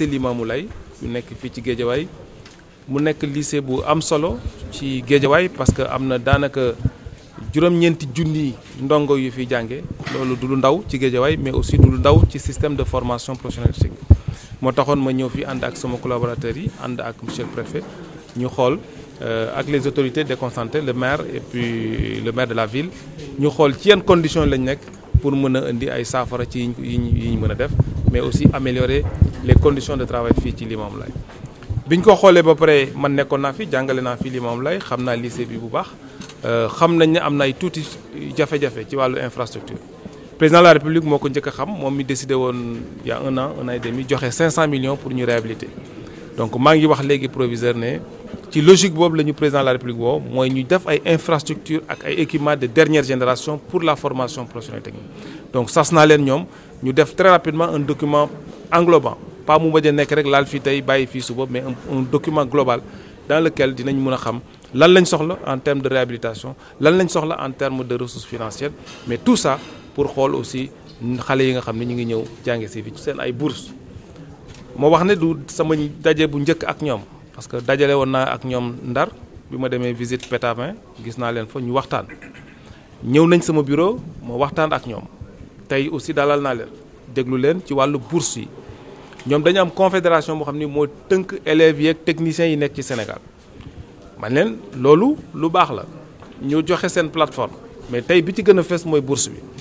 lycée mu Laye mu nekk fii ci Géejawaay mu nekk lycée bu am solo ci Géejawaay parce que am na daanaka juróom-ñeenti junni ndongo yu fi jànge loolu du lu ndaw ci Géejawaay mais aussi du lu ndaw ci système de formation professionnelle moo taxoon ma ñëw fi ànd ak sama collaborateurs yi ànd ak monsieur le ñu xool euh, ak les autorités de déconcentrées le maire et puis le maire de la ville ñu xool ci yan condition lañ nekk pour mën a indi ay saafara ci yi ñu mën a def mais aussi améliorer les conditions de travail fii ci Limamoulaye bi ñu ko xoolee ba pare man nekkoon naa fi jàngale naa fi Limamoulaye xam naa lycée bi bu baax euh, xam nañ ne am na ay tuuti jafe-jafe ci wàllu infrastructure président la république moo ko njëkk a xam moom mi décidé woon il y a un an un an et demi joxe millions pour ñu réhabiliter donc maa ngi wax léegi proviseur ne ci logique boobu la ñu président de la république woo mooy ñu def ay infrastructure ak ay équipements de dernière génération pour la formation professionnelle ñu def très rapidement un document englobant pas mu bañ a nekk rek laal fii tey bàyyi fii suba mais un document global dans lequel dinañ mën a xam lan lañ soxla en termes de réhabilitation lan lañ soxla en terme de ressources financières mais tout ça pour xool aussi xale yi nga xam ne ñu ngi ñëw jànge si fi seen ay bourses moo wax ne du sama daje bu njëkk ak ñoom parce que dajale woon naa ak ñoom ndar bi ma demee visite Pétavin gis naa leen fa ñu waxtaan ñëw nañ sama bureau ma waxtaan ak ñoom tey aussi dalal naa leen déglu leen ci wàllu bourse yi ñoom dañu am confédération boo xam ni mooy tënk élèves yi ak techniciens yi nekk ci Sénégal man loolu lu baax la ñu joxe seen plateforme mais tey bi ci gën a fees mooy bourse bi